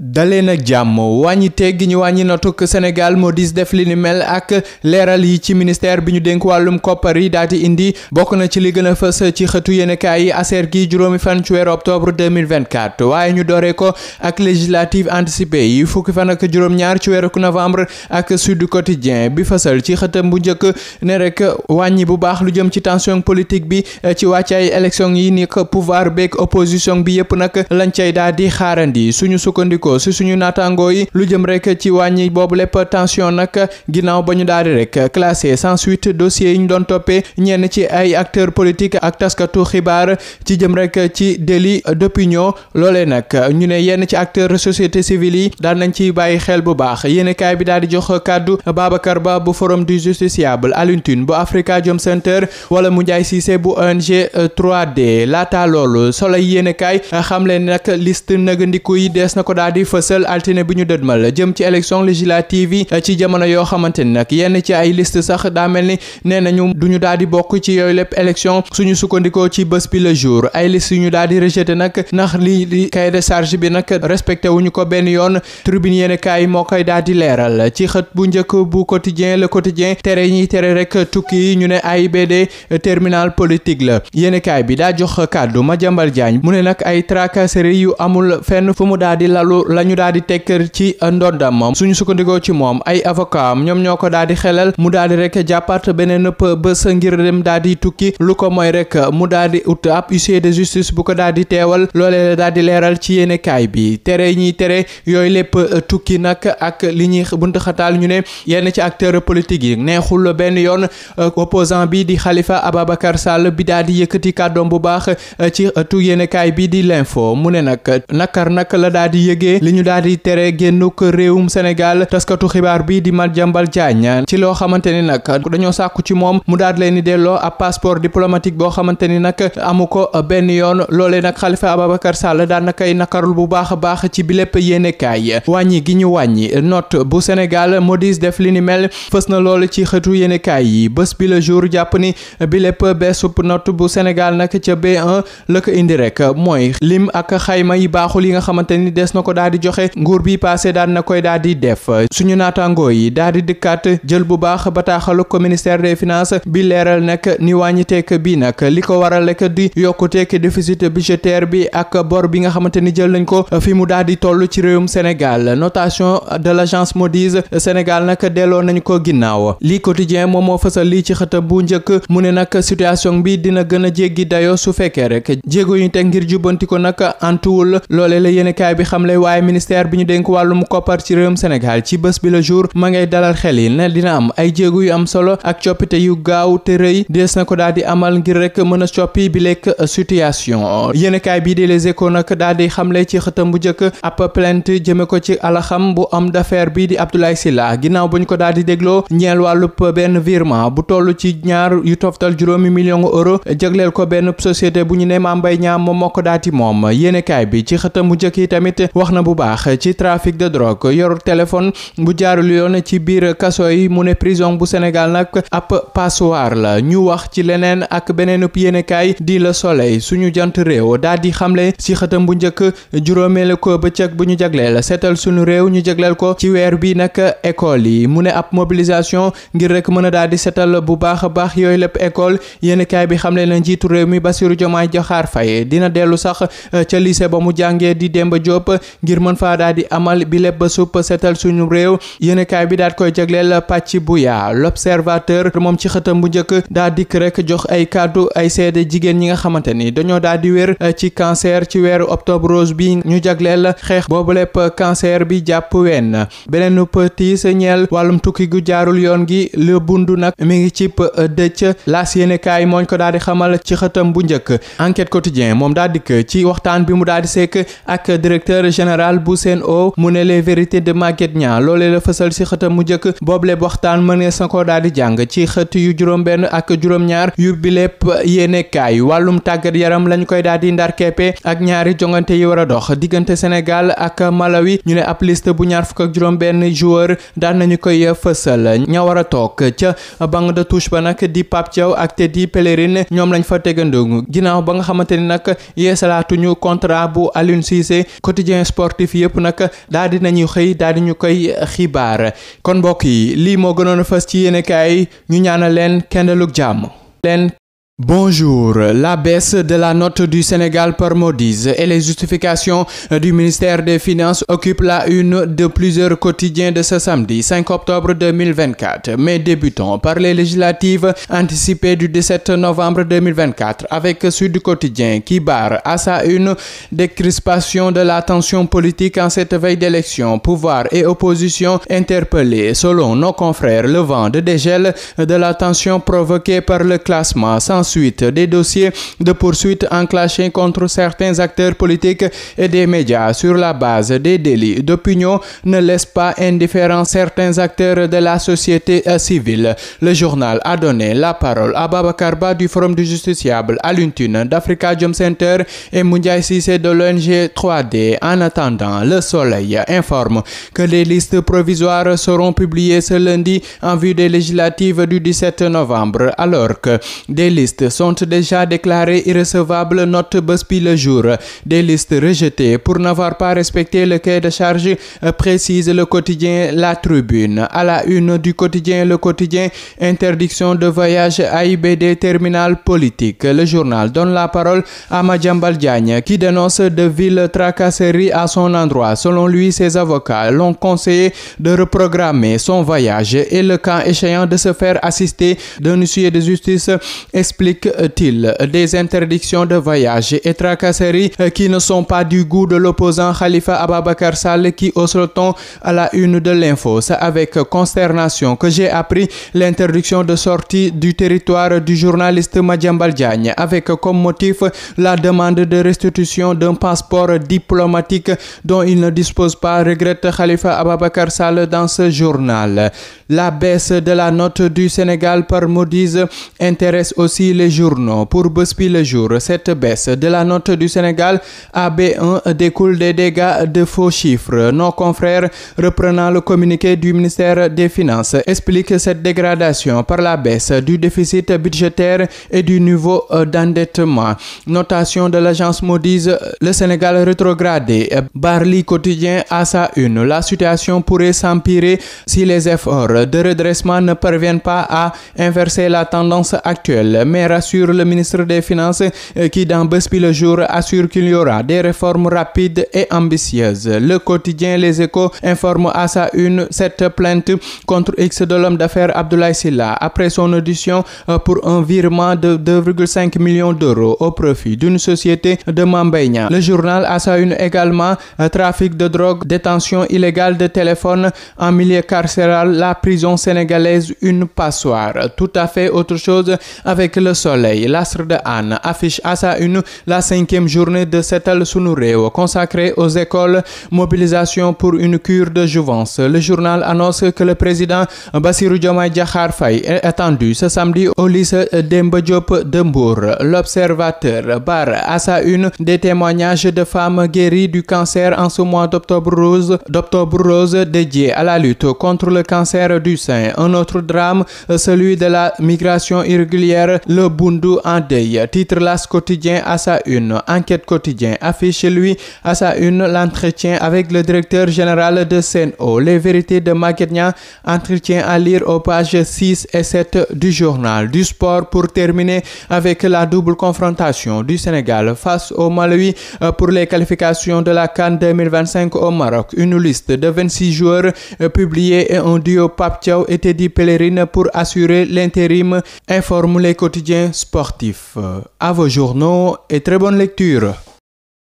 dalee nag jàmm wàññi teggi ñu wàññi natuk Sénégal moo dis def li ni mel ak leeral yi ci ministère bi ñu dénk wàllum koppar yi daal di indi bokk na ci li gën a fës ci xëtu yéenekaay yi aser gi juróomi fan ci weeru octobre 2024 waaye ñu dooree ko ak législative anticipée yi fukki fan ak juróom-ñaar ci weeru novembre ak Sud Quotidien bi fësal ci xëtam bu njëkk ne rek wàññi bu baax lu jëm ci tension politique bi ci wàccaay élection yi ni ko pouvoir beeg opposition bi yëpp nag lañ cay daal di xaarandi suñu ko si suñu naataangoo yi lu jëm rek ci wàññi boobu lépp tension nag ginnaaw ba ñu daal di rek classé sans ñu doon toppee ñenn ci ay acteurs politiques ak taskatu xibaar ci jëm rek ci délit d'opinion loolee nag ñu ne yenn ci acteurs société civile yi daan ci bàyyi xel bu baax yéene kaay bi daal di jox kàddu Babacar Ba bu forum du justiciable Alioune Tine bu Africa Jom Center wala Moundiaye Cissé bu ONG 3D laata loolu solo yéene kaay xam leen di fësal altine bi ñu dëdmal jëm ci élection législative yi ci jamono yoo xamante ni nag yenn ci ay liste sax daa mel ni nee nañu duñu daal di bokk ci yooyu lépp élection suñu sukkandikoo ci bés bi le jour ay liste yu ñu daal di rejeté nag ndax lii di cahier de sarge bi nag respecté wuñu ko benn yoon tribune yéen kaay moo koy daal di leeral ci xët bu njëkk bu quotidien le quotidien tere ñiy tere rek tukki ñu ne ay AIBD terminal politique la yéen bi daa jox kàddu Madiambal Diagne mu la ñu daal di tekkër ci ndondam moom suñu sukkandikoo ci moom ay avocat ñoom ñoo ko daal di xelal mu daal di rek jàppaat beneen nëpp bés ngir dem daal di tukki lu ko moy rek mu daal di ut ab huissier de justice bu ko daal di teewal loolee la daal di leeral ci yenekaay bi tere ñiy tere yooyu lépp euh, tukki nag ak li ñuy bunt xataal ñu ne yenn ci acteur politique yi neexul benn yoon euh, opposant bi di xalifa Ababacar Sall bi daal di yëkkati kàddoom bu baax euh, ci tu yéenekaay bi di l'info mu ne nag nakar nag la daal di yëgee li ñu daal di tere génnuk réewum Sénégal taskatu xibaar bi di ma Madiambal Diagne ci loo xamante ni nag dañoo sàkku ci moom mu daal leen di delloo ab passeport diplomatique boo xamante ni nag amu ko benn yoon loolee nag Khalifa Ababacar Sall daan na koy nakarul bu baax a baax ci bi lépp yéenekaay wàññi gi ñu wàññi note bu Sénégal Moody's def li ni mel fës na lool ci xëtu yéenekaay yi bés bi le jour jàpp ni bi lépp beesub not bu Sénégal nag ca b en la ko indi rek mooy lim yi baaxul yi daal di joxe nguur bi passé daan na koy daal di def suñu naataangoo yi daal di dikkaat jël bu baax bataaxalu ko ministère des finances bi leeral nag ni wàññiteek bi nag li ko waral rek di yokk yokkuteek déficit budgétaire bi ak bor bi nga xamante ni jël nañ ko fi mu daal di toll ci réewum Sénégal notation de l'agence Moody's Sénégal nag delloo nañ ko ginnaaw lii quotidien moom moo fësal lii ci xëtam bu njëkk mu ne nag situation bi dina gën a jéggi dayo su fekkee rek waaye ministère bi ñu dénk wàllum koppar ci réewum Sénégal ci bés bi la jour ma ngay dalal xel yi ne dina am ay jéego yu am solo ak coppite yu gaaw te rëy dees na ko daal di amal ngir rek mën a coppi bi lekk situation yéenekaay bi di Les Échos nak daal di xamle ci xëtam bu jëkk ab plainte jëme ko ci alaxam bu homme d'affaires bi di Abdoulaye Sylla ginnaaw bu ñu ko daal di dégloo ñeel wàllub benn virement bu toll ci ñaar yu toftal juróomi million euro jagleel ko benn na bu baax ci trafic de drogue yor téléphone bu jaarul yoon ci biir kaso yi mu ne prison bu Sénégal nag ab passoire la ñu wax ci leneen ak beneen yéenekaay di la Soleil suñu jant réew daal di xamle si xëtam bu njëkk juróomeele ko bëccëg bu ñu jagleel seetal suñu réew ñu jagleel ko ci weer bi nag école yi mu ne ab mobilisation ngir rek mën a daal di seetal bu baax a baax yooyu lépp école yéenekaay bi xamle na njiitu réew mi Bassirou Diomaye Diakhar Faye dina dellu sax ngir mën faa daal di amal bi lépp supp seetal suñu réew yéenekaay bi daal koy jagleel pàcc bu yaa l'observateur moom ci xëtam bu njëkk daa dikk rek jox ay kàddu ay seede jigéen ñi nga xamante ni dañoo daal di wér eh, ci cancer ci weeru octobre rose bi ñu jagleel xeex boobu lépp cancer bi jàpp wenn beneen pëtiis señel wàllum tukki gu jaarul yoon gi le bundu nag mi ngi cib eh, dëcc laas yéenekaay mooñ ko daal di xamal ci xëtam bu njëkk enquête quotidien moom général bu SEN'EAU mu ne les de Maguette Niang loolee la fësal ci xëtam mu njëkk boobleb waxtaan mënees ko daal di jàng ci xët yu juróom-benn ak juróom-ñaar yu bi lépp yéenekaay wàllum tàggat yaram lañ koy daal di ndar keppe ak ñaari jongante yi war a dox diggante Sénégal ak Malawi ñu ne ab liste bu ñaar fukk ak juróom-benn joueur daan nañu koy fësal ña war a toog ca banc de touche ba nag di Pape Thiaw ak Teddy Pellerin ñoom lañ fa tegandoo ginnaaw ba nga xamante ni nag yeesalaatuñu contrat bu sportif yëpp nag daal di nañu xëy daal di ñu koy eh, xibaar kon mbokk yi lii moo gënoon a fës ci yéenekaay yi ñu ñaanal leen kenn dalug jàmm leen Bonjour. La baisse de la note du Sénégal par Moody's et les justifications du ministère des Finances occupent la une de plusieurs quotidiens de ce samedi 5 octobre 2024. Mais débutons par les législatives anticipées du 17 novembre 2024 avec Sud Quotidien qui barre à sa une des crispations de la tension politique en cette veille d'élection, pouvoir et opposition interpellés. Selon nos confrères, le vent de dégel de la tension ensuite des dossiers de poursuite enclenchés contre certains acteurs politiques et des médias sur la base des délits d'opinion ne laissent pas indifférents certains acteurs de la société euh, civile. Le journal a donné la parole à Babacar Ba du Forum du Justiciable, Alioune Tine d'Africa Jom Center et Moundiaye Cissé de l'ONG 3D. En attendant, Le Soleil informe que les listes provisoires seront publiées ce lundi en vue des législatives du 17 novembre, alors que des listes listes sont déjà déclarées irrecevables, note Busby le jour. Des listes rejetées pour n'avoir pas respecté le cahier de charge, précise le quotidien La Tribune. À la une du quotidien Le Quotidien, interdiction de voyage AIBD terminal politique. Le journal donne la parole à Madjambal Diagne qui dénonce de villes tracasseries à son endroit. Selon lui, ses avocats l'ont conseillé de reprogrammer son voyage et le camp échéant de se faire assister d'un huissier de justice explique-t-il. Des interdictions de voyage et tracasseries euh, qui ne sont pas du goût de l'opposant Khalifa Ababakar Sall qui hausse le ton à la une de l'info. C'est avec consternation que j'ai appris l'interdiction de sortie du territoire du journaliste Madiambal Diagne avec comme motif la demande de restitution d'un passeport diplomatique dont il ne dispose pas, regrette Khalifa Ababakar Sall dans ce journal. La baisse de la note du Sénégal par Moody's Bi les journaux pour Bës le jour cette baisse de la note du Sénégal à b découle des dégâts de faux chiffres nos confrères reprenant le communiqué du ministère des Finances expliquent cette dégradation par la baisse du déficit budgétaire et du niveau euh, d'endettement notation de l'agence Moody's euh, le Sénégal rétrogradé Barli quotidien à sa une la situation pourrait s'empirer si les efforts de redressement ne parviennent pas à inverser la tendance actuelle mais rassure le ministre des Finances euh, qui dans Bës Bi Le Jour assure qu'il y aura des réformes rapides et ambitieuses. Le quotidien Les Échos informe à sa une cette plainte contre X de l'homme d'affaires Abdoulaye Sylla après son audition euh, pour un virement de 2,5 millions d'euros au profit d'une société de Mame Mbaye Le journal à sa une également euh, trafic de drogue, détention illégale de téléphone en milieu carcéral, la prison sénégalaise une passoire. Le Soleil l'Astre de Hann affiche à sa une la cinquième journée de Setal Sunu Réew consacrée aux écoles mobilisation pour une cure de jouvence le journal annonce que le président Bassirou Diomaye Diakhar Faye est attendu ce samedi au lycée Demba Diop de Mbour l'observateur barre à sa une des témoignages de femmes guéries du cancer en ce mois d'octobre rose d'octobre rose dédié à la lutte contre le cancer du sein un autre drame celui de la migration irrégulière le bundu en deuil titre L'As quotidien à sa une enquête quotidien affiche lui à sa une l'entretien avec le directeur général de Sen'Eau les vérités de Maguette Niang entretien à lire aux pages 6 et 7 du journal du sport pour terminer avec la double confrontation du Sénégal face au Malawi euh, pour les qualifications de la CAN 2025 au Maroc une liste de 26 joueurs euh, publiée et un duo Pape Thiaw et Teddy pour assurer l'intérim informe quotidien sportif. Euh, à vos journaux et très bonne lecture.